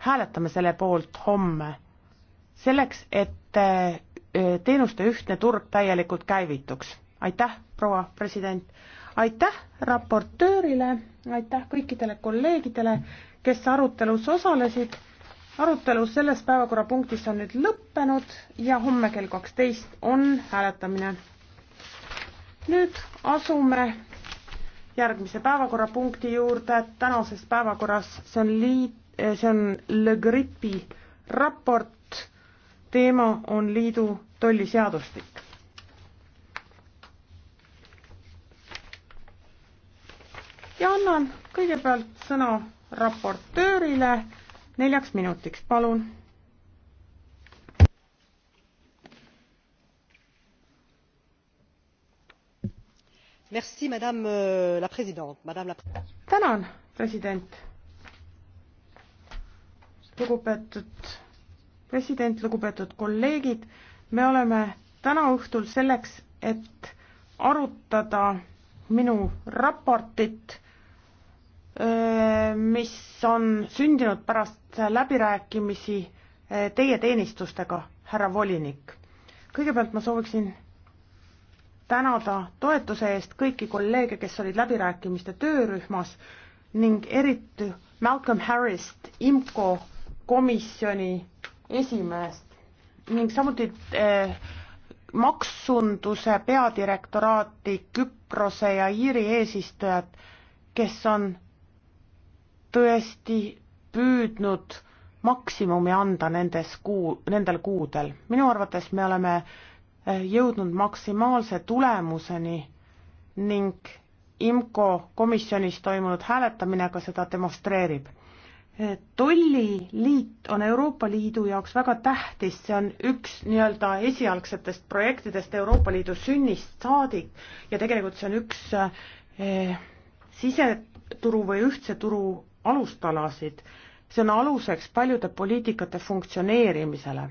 hääletame selle poolt homme, selleks et äh, teenuste ühtne turg täielikult käivituks. aitäh, proua president, aitäh raportöörile, aitäh kõikidele kolleegidele, kes arutelus osalesid. arutelu selles päevakorrapunktis on nüüd lõppenud ja homme kell kaksteist on hääletamine. nüüd asume järgmise päevakorrapunkti juurde tänases päevakorras, see on liit Eh, see on Le Gripi raport, teema on liidu tolliseadustik. ja annan kõigepealt sõna raportöörile neljaks minutiks, palun Merci, madame euh, la présidente madame la tänan president lugupeetud president, lugupeetud kolleegid, me oleme täna õhtul selleks, et arutada minu raportit, äh, mis on sündinud pärast läbirääkimisi äh, teie teenistustega, härra volinik. kõigepealt ma sooviksin tänada toetuse eest kõiki kolleege, kes olid läbirääkimiste töörühmas ning eriti Malcolm Harrist IMCO komisjoni esimeest ning samuti eh, maksunduse peadirektoraati Küprose ja Iiri eesistujat, kes on tõesti püüdnud maksimumi anda nendes kuu, nendel kuudel. minu arvates me oleme eh, jõudnud maksimaalse tulemuseni ning IMCO komisjonis toimunud hääletamine ka seda demonstreerib tolliliit on Euroopa Liidu jaoks väga tähtis, see on üks nii-öelda esialgsetest projektidest Euroopa Liidu sünnist saadik ja tegelikult see on üks eh, siseturu või ühtse turu alustalasid. see on aluseks paljude poliitikate funktsioneerimisele.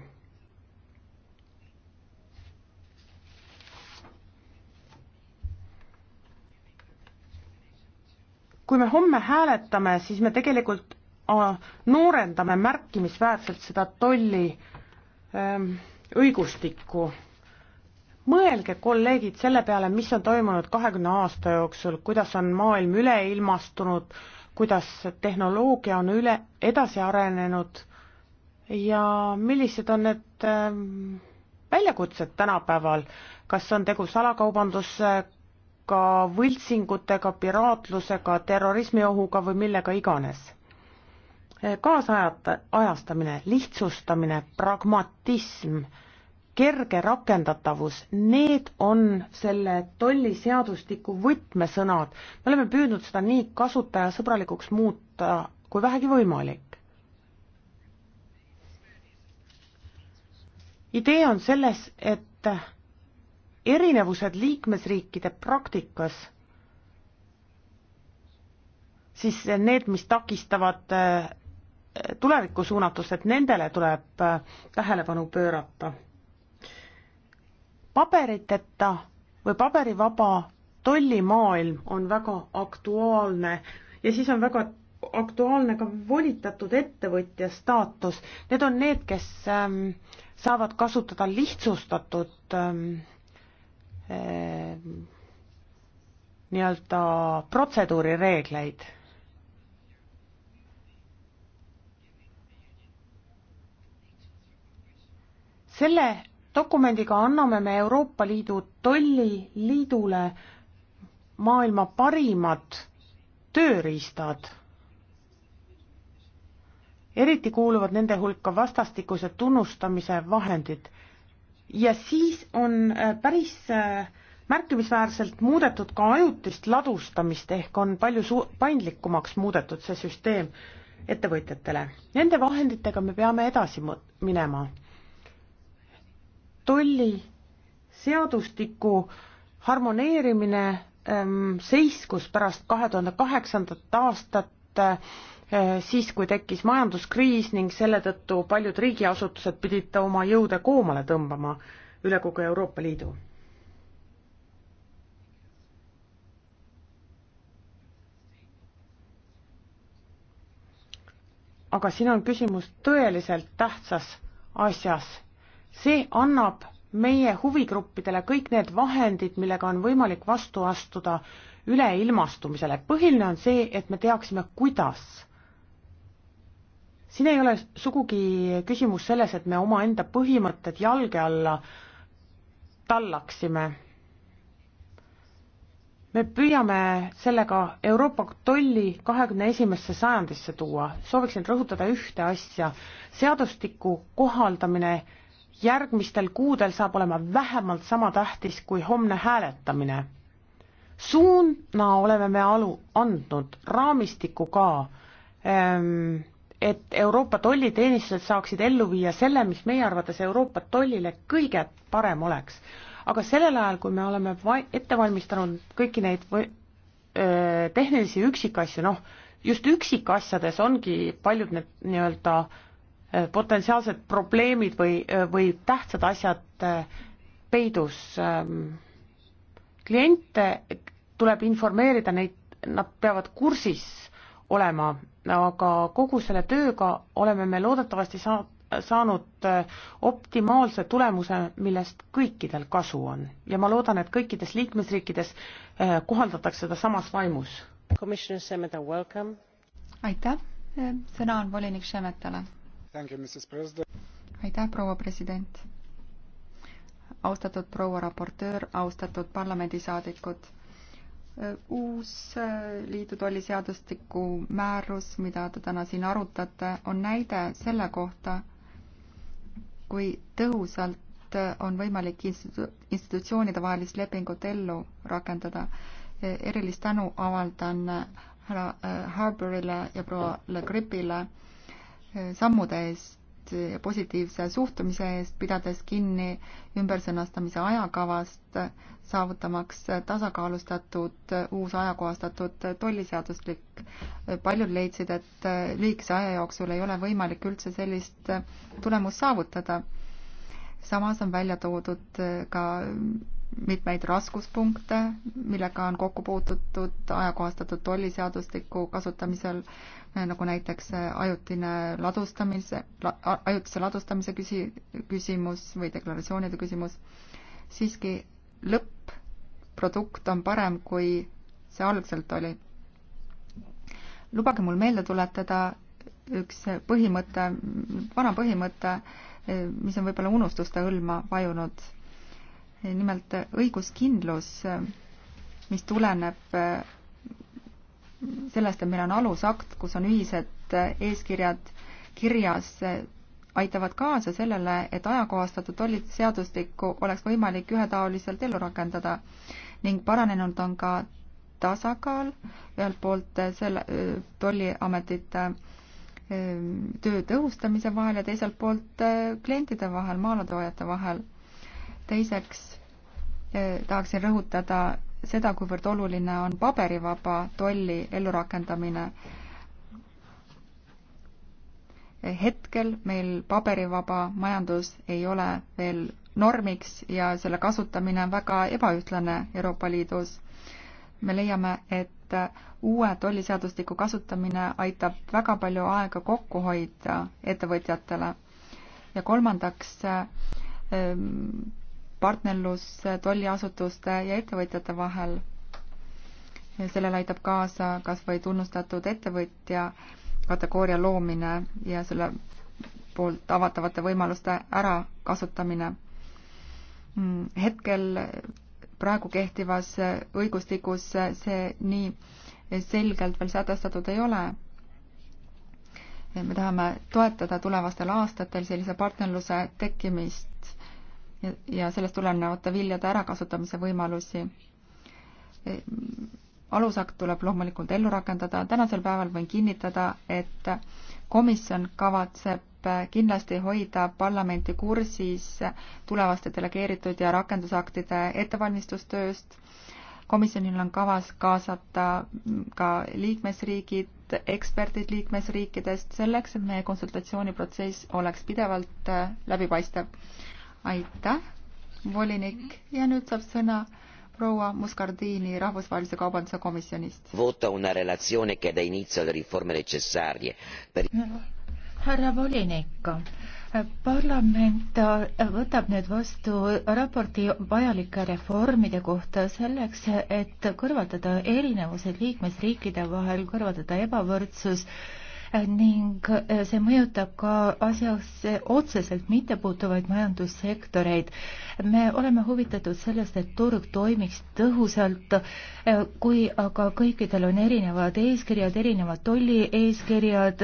kui me homme hääletame, siis me tegelikult noorendame märkimisväärselt seda tolli ähm, õigustikku. mõelge, kolleegid, selle peale, mis on toimunud kahekümne aasta jooksul, kuidas on maailm üleilmastunud, kuidas tehnoloogia on üle, edasi arenenud ja millised on need ähm, väljakutsed tänapäeval, kas on tegu salakaubandusega, võltsingutega, piraatlusega, terrorismiohuga või millega iganes Eh, kaasajastamine, lihtsustamine, pragmatism, kerge rakendatavus, need on selle tolliseadustiku võtmesõnad. me oleme püüdnud seda nii kasutajasõbralikuks muuta kui vähegi võimalik. idee on selles, et erinevused liikmesriikide praktikas siis need, mis takistavad eh, tulevikku suunatust, et nendele tuleb äh, tähelepanu pöörata. paberiteta või paberivaba tollimaailm on väga aktuaalne ja siis on väga aktuaalne ka volitatud ettevõtja staatus. Need on need, kes ähm, saavad kasutada lihtsustatud ähm, ähm, nii-öelda protseduurireegleid selle dokumendiga anname me Euroopa Liidu tolliliidule maailma parimad tööriistad. eriti kuuluvad nende hulka vastastikuse tunnustamise vahendid ja siis on äh, päris äh, märkimisväärselt muudetud ka ajutist ladustamist ehk on palju su-, paindlikumaks muudetud see süsteem ettevõtjatele. Nende vahenditega me peame edasi minema tolliseadustiku harmoneerimine ähm, seiskus pärast kahe tuhande kaheksandat aastat, äh, siis kui tekkis majanduskriis ning selle tõttu paljud riigiasutused pidid oma jõude koomale tõmbama üle kogu Euroopa Liidu. aga siin on küsimus tõeliselt tähtsas asjas see annab meie huvigruppidele kõik need vahendid, millega on võimalik vastu astuda üleilmastumisele. põhiline on see, et me teaksime, kuidas. siin ei ole sugugi küsimus selles, et me omaenda põhimõtted jalge alla tallaksime. me püüame sellega Euroopa tolli kahekümne esimesse sajandisse tuua. sooviksin rõhutada ühte asja. seadustiku kohaldamine järgmistel kuudel saab olema vähemalt sama tähtis kui homne hääletamine. suuna oleme me alu-, andnud, raamistiku ka, ehm, et Euroopa tolliteenistused saaksid ellu viia selle, mis meie arvates Euroopa tollile kõige parem oleks. aga sellel ajal, kui me oleme va-, ette valmistanud kõiki neid või-, tehnilisi üksikasju, noh, just üksikasjades ongi paljud need nii-öelda äh, Äh, potentsiaalsed probleemid või, äh, või tähtsad asjad äh, peidus. Ähm, kliente tuleb informeerida, neid, nad peavad kursis olema, aga kogu selle tööga oleme me loodetavasti saa-, saanud optimaalse tulemuse, millest kõikidel kasu on ja ma loodan, et kõikides liikmesriikides kohaldatakse seda samas vaimus. aitäh, sõna on volinik Šemetale aitäh, proua president. austatud proua raportöör, austatud parlamendisaadikud. uus liidutooli seadustiku määrus, mida te täna siin arutate, on näide selle kohta, kui tõhusalt on võimalik institu-, institutsioonide vahelist lepingut ellu rakendada. erilist tänu avaldan härra äh, Harbourile ja proua Le Gripile sammude eest ja positiivse suhtumise eest, pidades kinni ümbersõnastamise ajakavast, saavutamaks tasakaalustatud, uus ajakohastatud tolliseaduslik. paljud leidsid, et lühikese aja jooksul ei ole võimalik üldse sellist tulemust saavutada. samas on välja toodud ka mitmeid raskuspunkte, millega on kokku puututud ajakohastatud tolliseadustiku kasutamisel nagu näiteks äh, ajutine ladustamise la,, ajutise ladustamise küsi-, küsimus või deklaratsioonide küsimus, siiski lõpp-produkt on parem, kui see algselt oli. lubage mul meelde tuletada üks põhimõte, vana põhimõte, äh, mis on võib-olla unustuste hõlma vajunud. nimelt õiguskindlus, äh, mis tuleneb sellest, et meil on alusakt, kus on ühised eeskirjad kirjas, aitavad kaasa sellele, et ajakohastatud tolliseadustikku oleks võimalik ühetaoliselt ellu rakendada ning paranenud on ka tasakaal ühelt poolt selle tolliametite ehm, töö tõhustamise vahel ja teiselt poolt eh, klientide vahel, maaletoojate vahel. teiseks eh, tahaksin rõhutada seda, kuivõrd oluline on paberivaba tolli ellurakendamine. hetkel meil paberivaba majandus ei ole veel normiks ja selle kasutamine on väga ebaühtlane Euroopa Liidus. me leiame, et uue tolliseadustiku kasutamine aitab väga palju aega kokku hoida ettevõtjatele. ja kolmandaks ähm, partnerlus tolliasutuste ja ettevõtjate vahel. sellele aitab kaasa kas või tunnustatud ettevõtja kategooria loomine ja selle poolt avatavate võimaluste ärakasutamine. Mm, hetkel praegu kehtivas õigustikus see nii selgelt veel sätestatud ei ole. me tahame toetada tulevastel aastatel sellise partnerluse tekkimist ja sellest tulenevate viljade ärakasutamise võimalusi. E, alusakt tuleb loomulikult ellu rakendada, tänasel päeval võin kinnitada, et komisjon kavatseb kindlasti hoida parlamenti kursis tulevaste delegeeritud ja rakendusaktide ettevalmistustööst. komisjonil on kavas kaasata ka liikmesriigid, eksperdid liikmesriikidest selleks, et meie konsultatsiooniprotsess oleks pidevalt läbipaistev aitäh, volinik ja nüüd saab sõna proua Muscardini Rahvusvahelise Kaubanduse Komisjonist. härra volinik, parlament võtab nüüd vastu raporti vajalike reformide kohta selleks, et kõrvaldada erinevused liikmesriikide vahel, kõrvaldada ebavõrdsus ning eh, see mõjutab ka asjasse otseselt mittepuutuvaid majandussektoreid. me oleme huvitatud sellest, et turg toimiks tõhusalt, eh, kui aga kõikidel on erinevad eeskirjad, erinevad tollieeskirjad,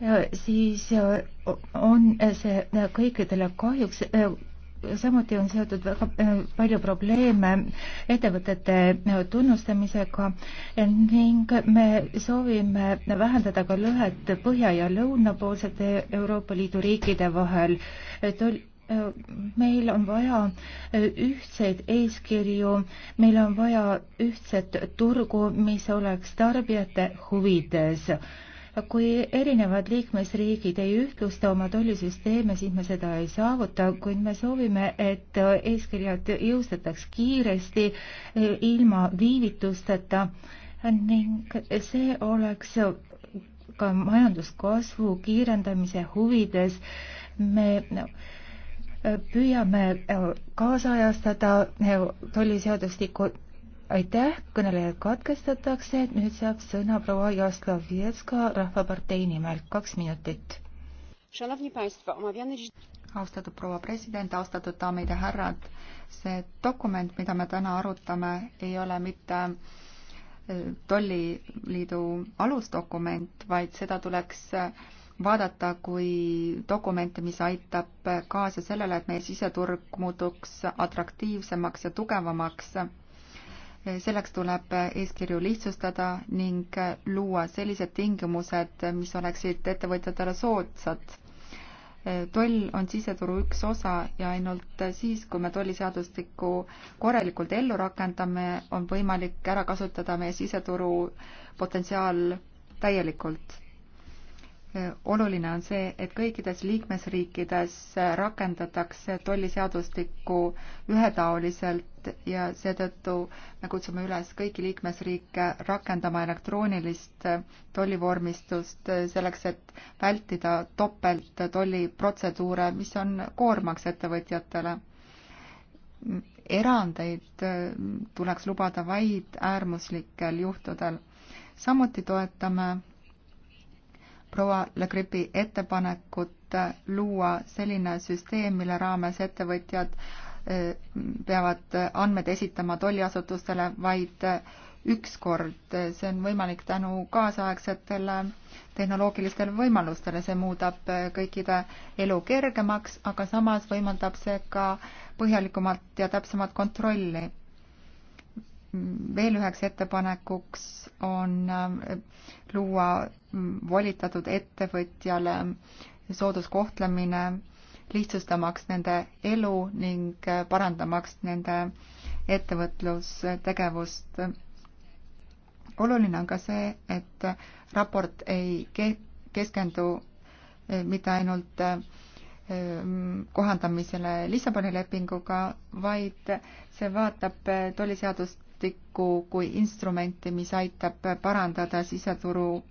eh, siis on see kõikidele kahjuks samuti on seotud väga äh, palju probleeme ettevõtete äh, tunnustamisega ning me soovime vähendada ka lõhet põhja- ja lõunapoolsete Euroopa Liidu riikide vahel. Äh, meil on vaja ühtseid eeskirju, meil on vaja ühtset turgu, mis oleks tarbijate huvides kui erinevad liikmesriigid ei ühtlusta oma tollisüsteeme, siis me seda ei saavuta, kuid me soovime, et eeskirjad jõustataks kiiresti, e, ilma viivitusteta ning see oleks ka majanduskasvu kiirendamise huvides. me no, püüame e, kaasajastada e, tolliseadustikku aitäh, kõnelejad katkestatakse, nüüd saab sõna proua Jaslovetska Rahvapartei nimel, kaks minutit. austatud proua president, austatud daamid ja härrad, see dokument, mida me täna arutame, ei ole mitte äh, tolliliidu alusdokument, vaid seda tuleks äh, vaadata kui dokumente, mis aitab kaasa sellele, et meie siseturg muutuks atraktiivsemaks ja tugevamaks selleks tuleb eeskirju lihtsustada ning luua sellised tingimused, mis oleksid ettevõtjatele soodsad. toll on siseturu üks osa ja ainult siis, kui me tolliseadustikku korralikult ellu rakendame, on võimalik ära kasutada meie siseturu potentsiaal täielikult Äh, oluline on see, et kõikides liikmesriikides äh, rakendatakse tolliseadustikku ühetaoliselt ja seetõttu me kutsume üles kõiki liikmesriike rakendama elektroonilist äh, tollivormistust selleks, et vältida topelttolliprotseduure, mis on koormaks ettevõtjatele. erandeid tuleks lubada vaid äärmuslikel juhtudel. samuti toetame proua Le Gripi ettepanekut luua selline süsteem, mille raames ettevõtjad eh, peavad andmed esitama tolliasutustele vaid üks kord. see on võimalik tänu kaasaegsetele tehnoloogilistele võimalustele, see muudab kõikide elu kergemaks, aga samas võimaldab see ka põhjalikumat ja täpsemat kontrolli veel üheks ettepanekuks on äh, luua mm, volitatud ettevõtjale sooduskohtlemine, lihtsustamaks nende elu ning äh, parandamaks nende ettevõtlustegevust. oluline on ka see, et raport ei keskendu äh, mitte ainult kohandamisele Lissaboni lepinguga, vaid see vaatab tolliseadust raamistikku kui instrumenti, mis aitab parandada siseturu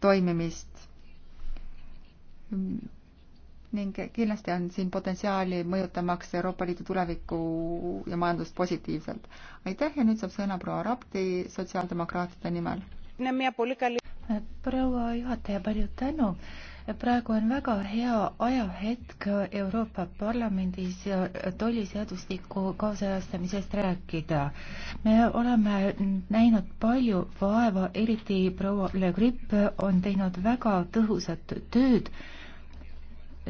toimimist. ning kindlasti on siin potentsiaali mõjutamaks Euroopa Liidu tulevikku ja majandust positiivselt. aitäh ja nüüd saab sõna proua Rapti sotsiaaldemokraatide nimel. proua juhataja, palju tänu praegu on väga hea ajahetk Euroopa Parlamendis tolliseadustiku kaasajastamisest rääkida. me oleme näinud palju vaeva, eriti proua Le Grip on teinud väga tõhusat tööd,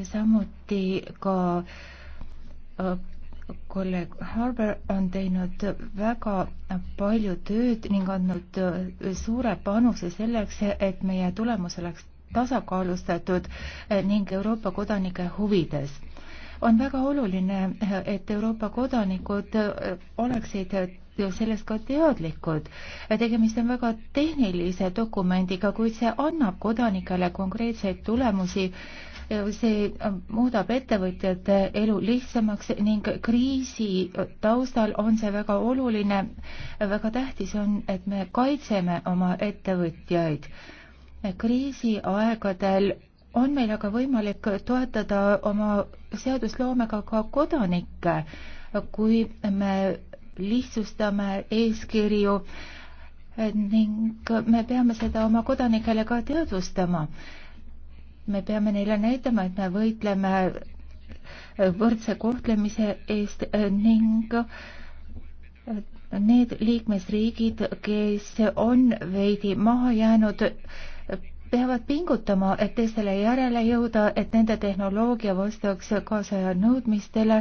samuti ka äh, kolleeg Harber on teinud väga palju tööd ning andnud äh, suure panuse selleks, et meie tulemus oleks tasakaalustatud eh, ning Euroopa kodanike huvides. on väga oluline, eh, et Euroopa kodanikud eh, oleksid sellest ka teadlikud. tegemist on väga tehnilise dokumendiga, kuid see annab kodanikele konkreetseid tulemusi. see muudab ettevõtjate elu lihtsamaks ning kriisi taustal on see väga oluline. väga tähtis on, et me kaitseme oma ettevõtjaid kriisiaegadel on meil aga võimalik toetada oma seadusloomega ka kodanikke, kui me lihtsustame eeskirju ning me peame seda oma kodanikele ka teadvustama. me peame neile näitama, et me võitleme võrdse kohtlemise eest ning need liikmesriigid, kes on veidi maha jäänud, peavad pingutama, et teistele järele jõuda, et nende tehnoloogia vastaks kaasaja nõudmistele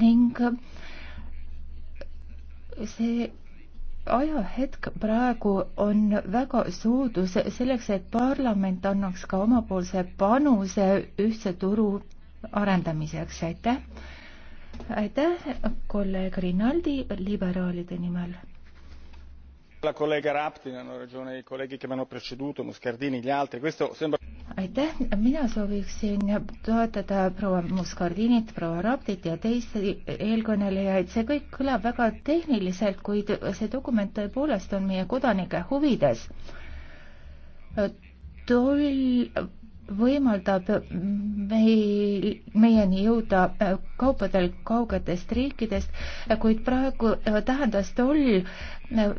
ning see ajahetk praegu on väga soodus selleks, et parlament annaks ka omapoolse panuse ühtse turu arendamiseks, aitäh. aitäh, kolleeg Rinaldi liberaalide nimel la collega Raptin, hanno ragione i colleghi che mi hanno preceduto, Muscardini, gli altri, questo sembra aitäh, mina sooviksin toetada proua Muscardinit, proua Raptit ja teisi eelkõnelejaid, see kõik kõlab väga tehniliselt, kuid see dokument tõepoolest on meie kodanike huvides. toll võimaldab meil, meieni jõuda kaupadel kaugetest riikidest, kuid praegu tähendas toll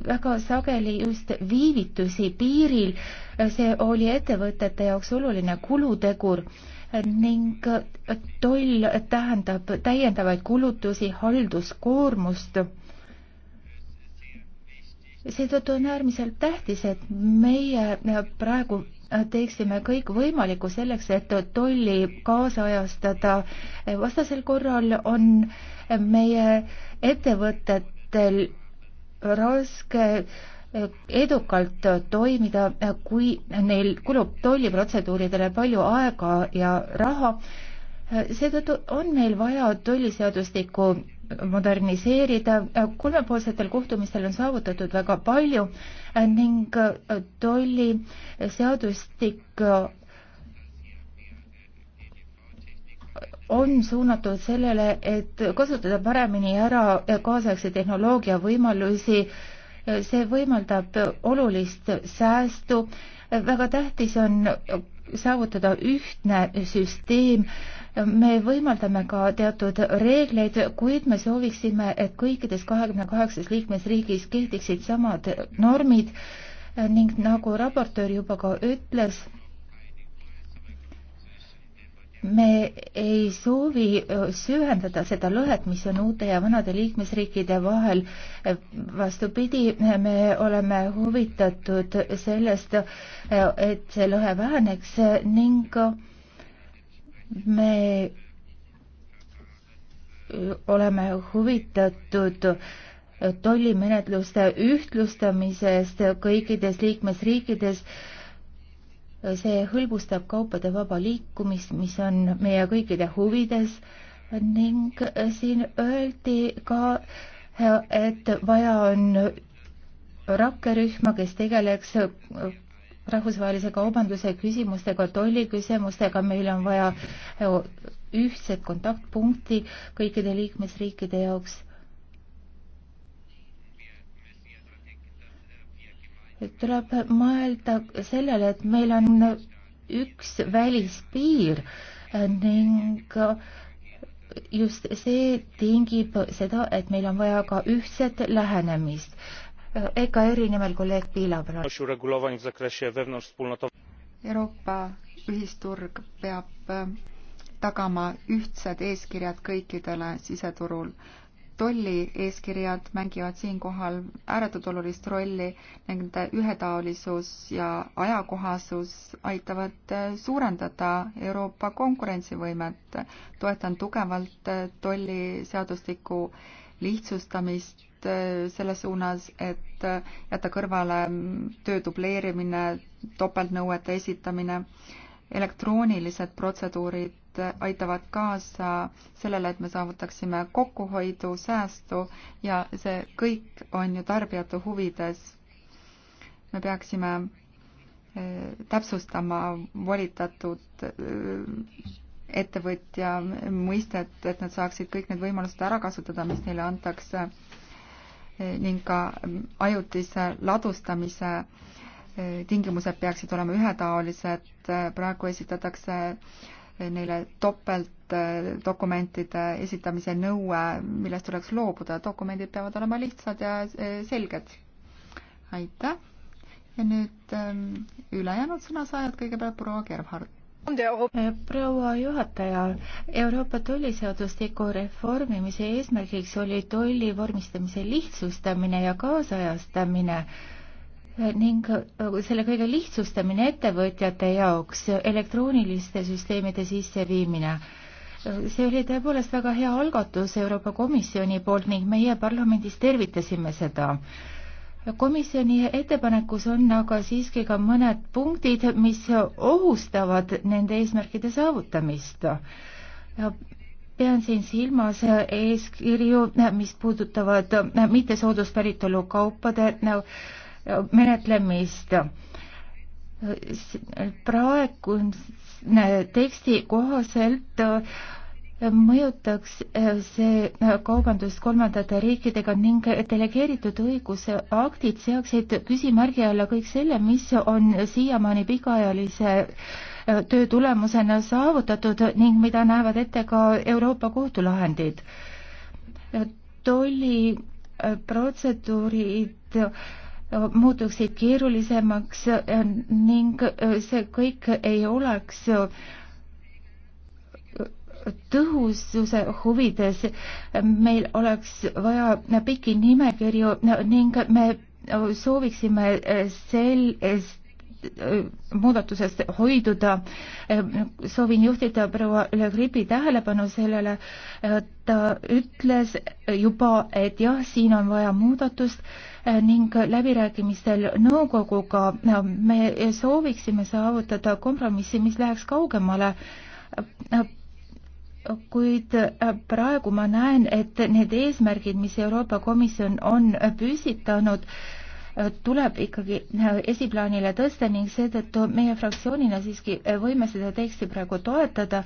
väga sageli just viivitusi piiril. see oli ettevõtete jaoks oluline kulutegur ning toll tähendab täiendavaid kulutusi, halduskoormust seetõttu on äärmiselt tähtis, et meie praegu teeksime kõik võimaliku selleks, et tolli kaasajastada. vastasel korral on meie ettevõtetel raske edukalt toimida, kui neil kulub tolliprotseduuridele palju aega ja raha. seetõttu on meil vaja tolliseadustikku moderniseerida. kolmepoolsetel kohtumistel on saavutatud väga palju ning äh, tolliseadustik äh, on suunatud sellele, et kasutada paremini ära kaasaegse tehnoloogia võimalusi. see võimaldab olulist säästu. väga tähtis on saavutada ühtne süsteem. me võimaldame ka teatud reegleid, kuid me sooviksime, et kõikides kahekümne kaheksas liikmesriigis kehtiksid samad normid ning nagu raportöör juba ka ütles, me ei soovi äh, süvendada seda lõhet, mis on uute ja vanade liikmesriikide vahel. Äh, vastupidi, me oleme huvitatud sellest, äh, et see lõhe väheneks ning me oleme huvitatud tollimenetluste ühtlustamisest kõikides liikmesriikides see hõlbustab kaupade vaba liikumist, mis on meie kõikide huvides ning äh, siin öeldi ka, äh, et vaja on rakkerühma, kes tegeleks äh, rahvusvahelise kaubanduse küsimustega, tolliküsimustega, meil on vaja ühtset kontaktpunkti kõikide liikmesriikide jaoks tuleb mõelda sellele, et meil on üks välispiir äh, ning äh, just see tingib seda, et meil on vaja ka ühtset lähenemist. Äh, EKR-i nimel kolleeg Piila, palun. Euroopa ühisturg peab tagama ühtsed eeskirjad kõikidele siseturul tolli eeskirjad mängivad siinkohal ääretult olulist rolli, nende ühetaolisus ja ajakohasus aitavad äh, suurendada Euroopa konkurentsivõimet. toetan tugevalt äh, tolliseadustiku lihtsustamist äh, selles suunas, et jätta kõrvale mm, töö dubleerimine, topeltnõuete esitamine, elektroonilised protseduurid, meetmed aitavad kaasa sellele, et me saavutaksime kokkuhoidu, säästu ja see kõik on ju tarbijate huvides. me peaksime eh, täpsustama volitatud eh, ettevõtja mõistet, et nad saaksid kõik need võimalused ära kasutada, mis neile antakse eh, ning ka mm, ajutise ladustamise tingimused peaksid olema ühetaolised, praegu esitatakse neile topeltdokumentide esitamise nõue, millest tuleks loobuda. dokumendid peavad olema lihtsad ja e, selged. aitäh. ja nüüd ähm, ülejäänud sõnasaajad, kõigepealt proua Gerhard äh, proua juhataja, Euroopa tolliseadustiku reformimise eesmärgiks oli tolli vormistamise lihtsustamine ja kaasajastamine ning äh, selle kõige lihtsustamine ettevõtjate jaoks, elektrooniliste süsteemide sisseviimine. Äh, see oli tõepoolest väga hea algatus Euroopa Komisjoni poolt ning meie parlamendis tervitasime seda. komisjoni ettepanekus on aga siiski ka mõned punktid, mis ohustavad nende eesmärkide saavutamist ja pean siin silmas eeskirju, mis puudutavad mittesooduspäritolu kaupade menetlemist. praegune teksti kohaselt mõjutaks see kaubandus kolmandate riikidega ning delegeeritud õiguse aktid seaksid küsimärgi alla kõik selle, mis on siiamaani pikaajalise töö tulemusena saavutatud ning mida näevad ette ka Euroopa kohtulahendid. tolliprotseduurid muutuksid keerulisemaks äh, ning äh, see kõik ei oleks äh, tõhususe huvides. meil oleks vaja pikki nimekirju ning me sooviksime sellist Äh, muudatusest hoiduda. Äh, soovin juhtida proua Le Gripi tähelepanu sellele, äh, ta ütles juba, et jah, siin on vaja muudatust ning läbirääkimistel nõukoguga me sooviksime saavutada kompromissi, mis läheks kaugemale kuid praegu ma näen, et need eesmärgid, mis Euroopa Komisjon on püsitanud, tuleb ikkagi äh, esiplaanile tõsta ning seetõttu meie fraktsioonina siiski äh, võime seda teksti praegu toetada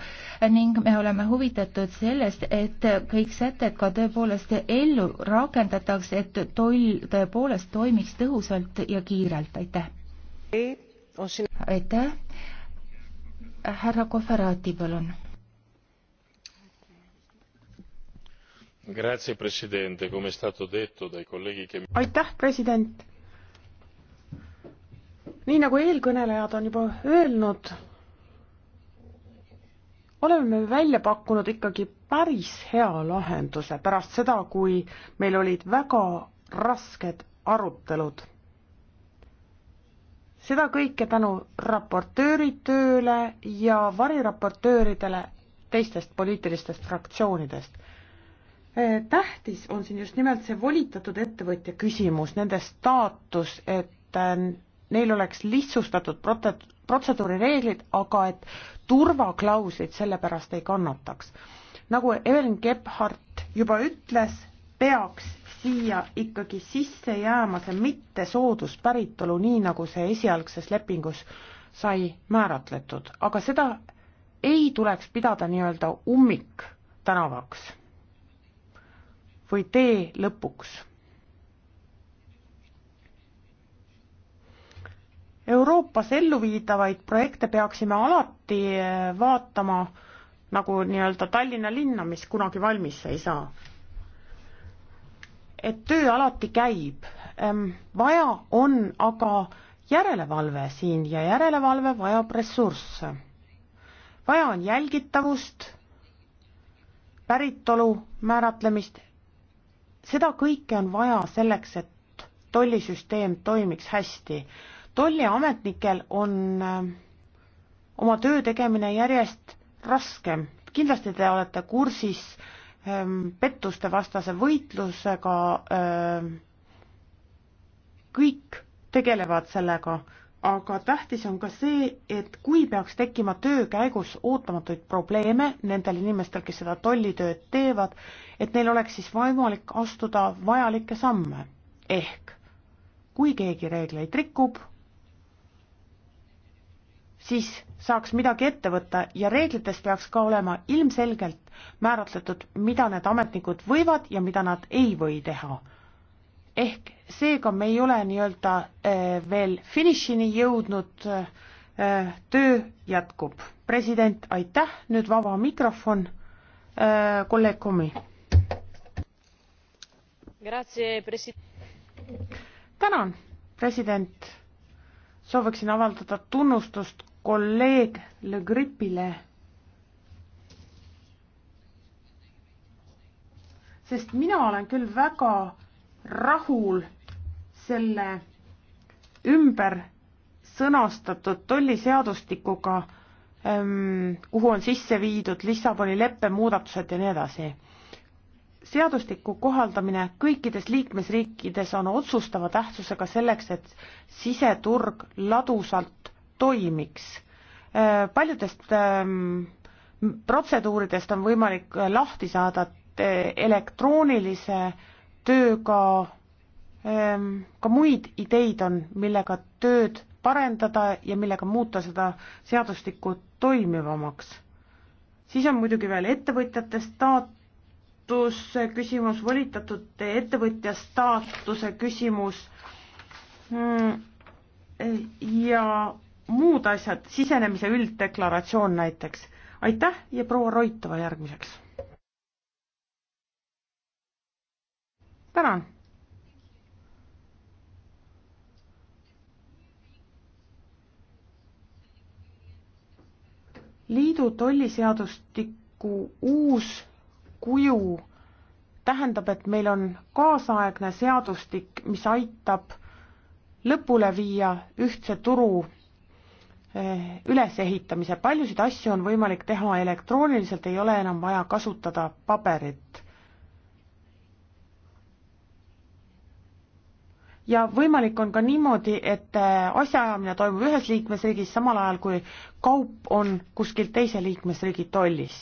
ning me oleme huvitatud sellest, et kõik sätted ka tõepoolest ellu rakendatakse, et toll tõepoolest toimiks tõhusalt ja kiirelt, aitäh. aitäh. härra Kohverati, palun aitäh president nii nagu eelkõnelejad on juba öelnud, oleme me välja pakkunud ikkagi päris hea lahenduse pärast seda, kui meil olid väga rasked arutelud. seda kõike tänu raportööri tööle ja variraportööridele teistest poliitilistest fraktsioonidest. E, tähtis on siin just nimelt see volitatud ettevõtja küsimus, nende staatus, et e, neil oleks lihtsustatud protseduurireeglid, aga et turvaklauslid sellepärast ei kannataks. nagu Evelyn Gebhardt juba ütles, peaks siia ikkagi sisse jääma see mittesooduspäritolu, nii nagu see esialgses lepingus sai määratletud, aga seda ei tuleks pidada nii-öelda ummiktänavaks või tee lõpuks Euroopas elluviidavaid projekte peaksime alati eh, vaatama nagu nii-öelda Tallinna linna, mis kunagi valmis ei saa. et töö alati käib, ehm, vaja on aga järelevalve siin ja järelevalve vajab ressursse. vaja on jälgitavust, päritolu määratlemist, seda kõike on vaja selleks, et tollisüsteem toimiks hästi tolliametnikel on äh, oma töö tegemine järjest raskem. kindlasti te olete kursis ähm, pettuste vastase võitlusega, äh, kõik tegelevad sellega, aga tähtis on ka see, et kui peaks tekkima töö käigus ootamatuid probleeme nendel inimestel, kes seda tollitööd teevad, et neil oleks siis võimalik astuda vajalikke samme. ehk kui keegi reegleid rikub, siis saaks midagi ette võtta ja reeglites peaks ka olema ilmselgelt määratletud, mida need ametnikud võivad ja mida nad ei või teha. ehk seega me ei ole nii-öelda eh, veel finišini jõudnud, eh, töö jätkub. president, aitäh, nüüd vaba mikrofon, eh, kolleeg Komi. tänan, president sooviksin avaldada tunnustust kolleeg Le Gripile. sest mina olen küll väga rahul selle ümber sõnastatud tolliseadustikuga, ehm, kuhu on sisse viidud Lissaboni leppe muudatused ja nii edasi seadustiku kohaldamine kõikides liikmesriikides on otsustava tähtsusega selleks, et siseturg ladusalt toimiks. Äh, paljudest ähm, protseduuridest on võimalik äh, lahti saada äh, elektroonilise tööga, ähm, ka muid ideid on, millega tööd parendada ja millega muuta seda seadustikku toimivamaks. siis on muidugi veel ettevõtjate staatus, küsimus, volitatud ettevõtja staatuse küsimus hmm, ja muud asjad, sisenemise ülddeklaratsioon näiteks. aitäh ja proua Roitova järgmiseks. tänan. liidu tolliseadustiku uus kuju tähendab, et meil on kaasaegne seadustik, mis aitab lõpule viia ühtse turu Äh, ülesehitamise, paljusid asju on võimalik teha elektrooniliselt, ei ole enam vaja kasutada paberit. ja võimalik on ka niimoodi, et äh, asjaajamine toimub ühes liikmesriigis, samal ajal kui kaup on kuskil teise liikmesriigi tollis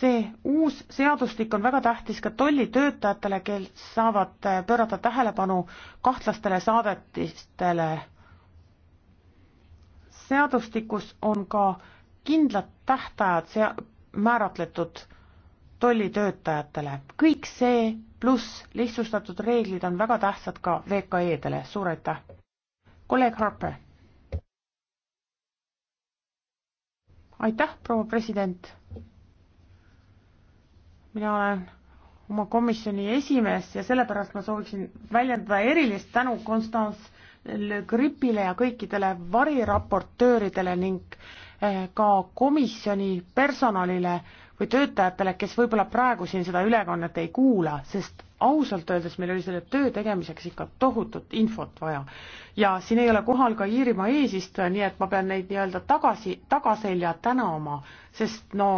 see uus seadustik on väga tähtis ka tollitöötajatele, kes saavad pöörata tähelepanu kahtlastele saadetistele. seadustikus on ka kindlad tähtajad sea-, määratletud tollitöötajatele. kõik see pluss lihtsustatud reeglid on väga tähtsad ka VKE-dele, suur aitäh! kolleeg Harper. aitäh, proua president! mina olen oma komisjoni esimees ja sellepärast ma sooviksin väljendada erilist tänu Konstants Gripile ja kõikidele variraportööridele ning eh, ka komisjoni personalile või töötajatele, kes võib-olla praegu siin seda ülekannet ei kuula, sest ausalt öeldes meil oli selle töö tegemiseks ikka tohutut infot vaja. ja siin ei ole kohal ka Iirimaa eesistuja, nii et ma pean neid nii-öelda tagasi, tagaselja tänama, sest no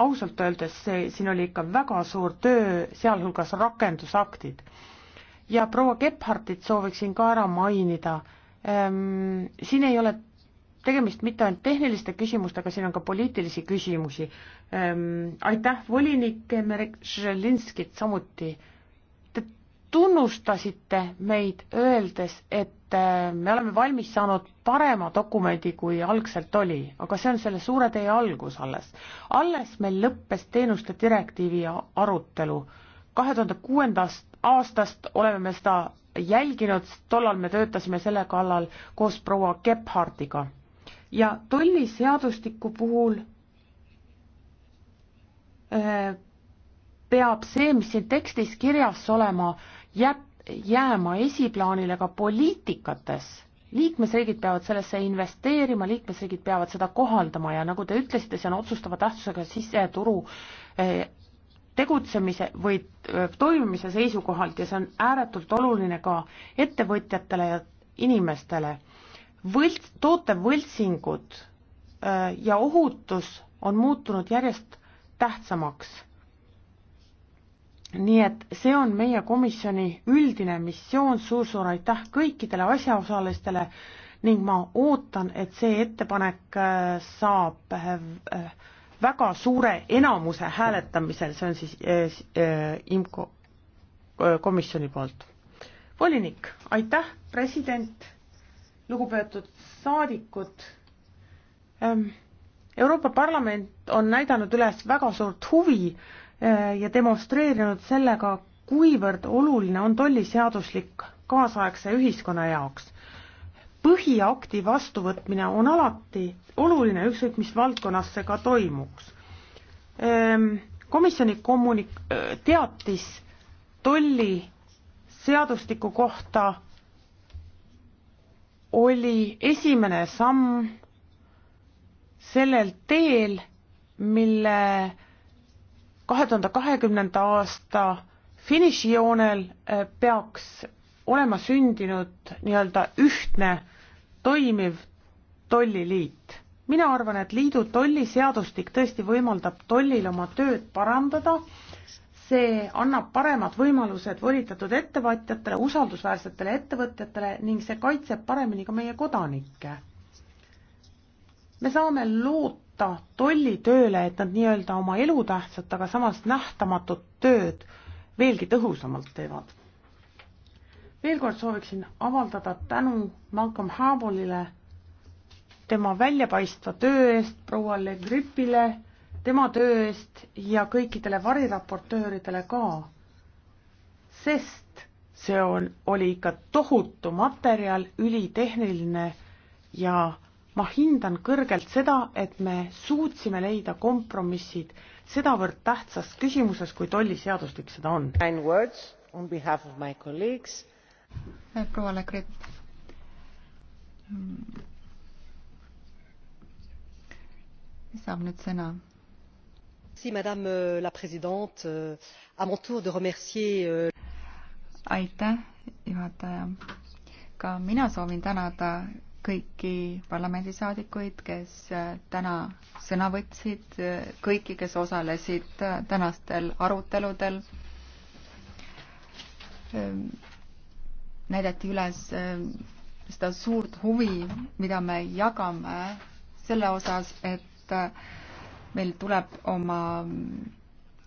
ausalt öeldes see, siin oli ikka väga suur töö, sealhulgas rakendusaktid. ja proua Gebhardit sooviksin ka ära mainida, ehm, siin ei ole tegemist mitte ainult tehniliste küsimustega, siin on ka poliitilisi küsimusi ähm,. aitäh, volinik Merek Želinskit samuti. Te tunnustasite meid, öeldes, et äh, me oleme valmis saanud parema dokumendi, kui algselt oli, aga see on selle suure tee algus alles. alles meil lõppes teenuste direktiivi arutelu. kahe tuhande kuuendast aastast oleme me seda jälginud, tollal me töötasime selle kallal koos proua Gebhardiga ja tolliseadustiku puhul äh, peab see, mis siin tekstis kirjas olema, jääb, jääma esiplaanile ka poliitikates. liikmesriigid peavad sellesse investeerima, liikmesriigid peavad seda kohaldama ja nagu te ütlesite, see on otsustava tähtsusega siseturu äh, tegutsemise või äh, toimimise seisukohalt ja see on ääretult oluline ka ettevõtjatele ja inimestele võlts, toote võltsingud äh, ja ohutus on muutunud järjest tähtsamaks. nii et see on meie komisjoni üldine missioon suur,, suur-suur aitäh kõikidele asjaosalistele ning ma ootan, et see ettepanek äh, saab äh, väga suure enamuse hääletamisel, see on siis äh, äh, IMCO äh, komisjoni poolt. volinik, aitäh, president lugupeetud saadikud ähm,. Euroopa Parlament on näidanud üles väga suurt huvi äh, ja demonstreerinud sellega, kuivõrd oluline on tolliseaduslik kaasaegse ühiskonna jaoks. põhiakti vastuvõtmine on alati oluline, ükskõik mis valdkonnas see ka toimuks ähm,. komisjoni kommunik-, äh, teatis tolli seadustiku kohta oli esimene samm sellel teel, mille kahe tuhande kahekümnenda aasta finišijoonel eh, peaks olema sündinud nii-öelda ühtne toimiv tolliliit. mina arvan, et liidu tolliseadustik tõesti võimaldab tollil oma tööd parandada see annab paremad võimalused volitatud ettevõtjatele, usaldusväärsetele ettevõtjatele ning see kaitseb paremini ka meie kodanikke. me saame loota tollitööle, et nad nii-öelda oma elutähtsat, aga samas nähtamatut tööd veelgi tõhusamalt teevad. veel kord sooviksin avaldada tänu Malcolm Harbourile tema väljapaistva töö eest, proua Le Gripile tema töö eest ja kõikidele variraportööridele ka, sest see on, oli ikka tohutu materjal, ülitehniline ja ma hindan kõrgelt seda, et me suutsime leida kompromissid sedavõrd tähtsas küsimuses, kui tolliseadustik seda on. Eh, proua Le Gripp. Mm. saab nüüd sõna madame euh, la présidente euh, à mon tour de remercier euh, aitäh juhataja ka mina soovin tänada kõiki parlamendisaadikuid kes äh, täna sõna võtsid äh, kõiki kes osalesid äh, tänastel aruteludel ähm, näidati üles seda suurt huvi mida me jagame selle osas et meil tuleb oma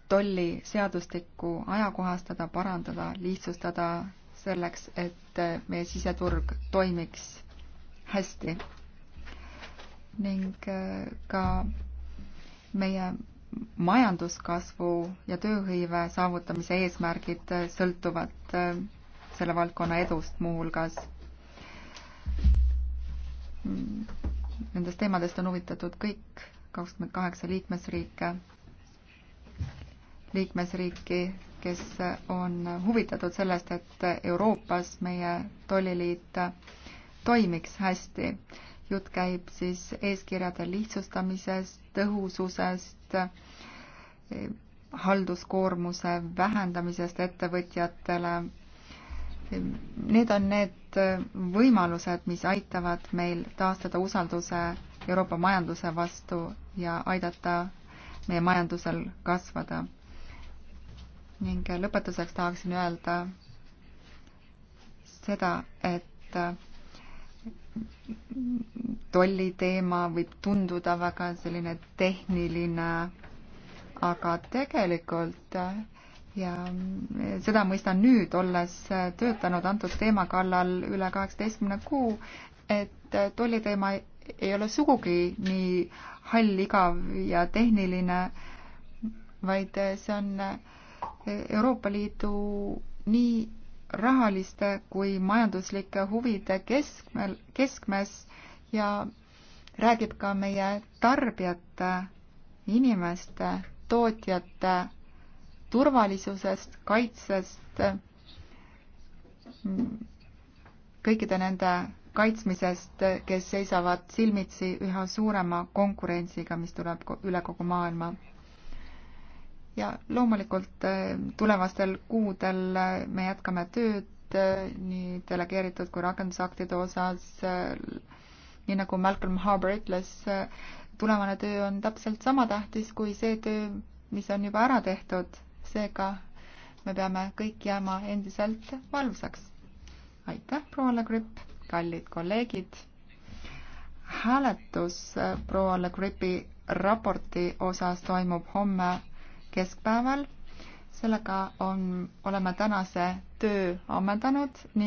tolliseadustikku ajakohastada, parandada, lihtsustada selleks, et meie siseturg toimiks hästi. ning äh, ka meie majanduskasvu ja tööhõive saavutamise eesmärgid äh, sõltuvad äh, selle valdkonna edust muuhulgas. Mm, nendest teemadest on huvitatud kõik kakskümmend kaheksa liikmesriike, liikmesriiki, kes on huvitatud sellest, et Euroopas meie tolliliit toimiks hästi. jutt käib siis eeskirjade lihtsustamisest, tõhususest, halduskoormuse vähendamisest ettevõtjatele. Need on need võimalused, mis aitavad meil taastada usalduse Euroopa majanduse vastu ja aidata meie majandusel kasvada. ning lõpetuseks tahaksin öelda seda, et tolli teema võib tunduda väga selline tehniline, aga tegelikult ja seda mõistan nüüd, olles töötanud antud teema kallal üle kaheksateistkümne kuu, et tolliteema ei ole sugugi nii hall, igav ja tehniline, vaid see on Euroopa Liidu nii rahaliste kui majanduslike huvide keskmel, keskmes ja räägib ka meie tarbijate, inimeste, tootjate turvalisusest, kaitsest, kõikide nende kaitsmisest, kes seisavad silmitsi üha suurema konkurentsiga, mis tuleb üle kogu maailma. ja loomulikult äh, tulevastel kuudel äh, me jätkame tööd äh, nii delegeeritud kui rakendusaktide osas, nii nagu Malcolm Harbour ütles, tulevane töö on täpselt sama tähtis kui see töö, mis on juba ära tehtud, seega me peame kõik jääma endiselt valvsaks. aitäh, proua Le Gripp! kallid kolleegid. hääletus äh, proua Le Gripi raporti osas toimub homme keskpäeval. sellega on, oleme tänase töö ammendanud.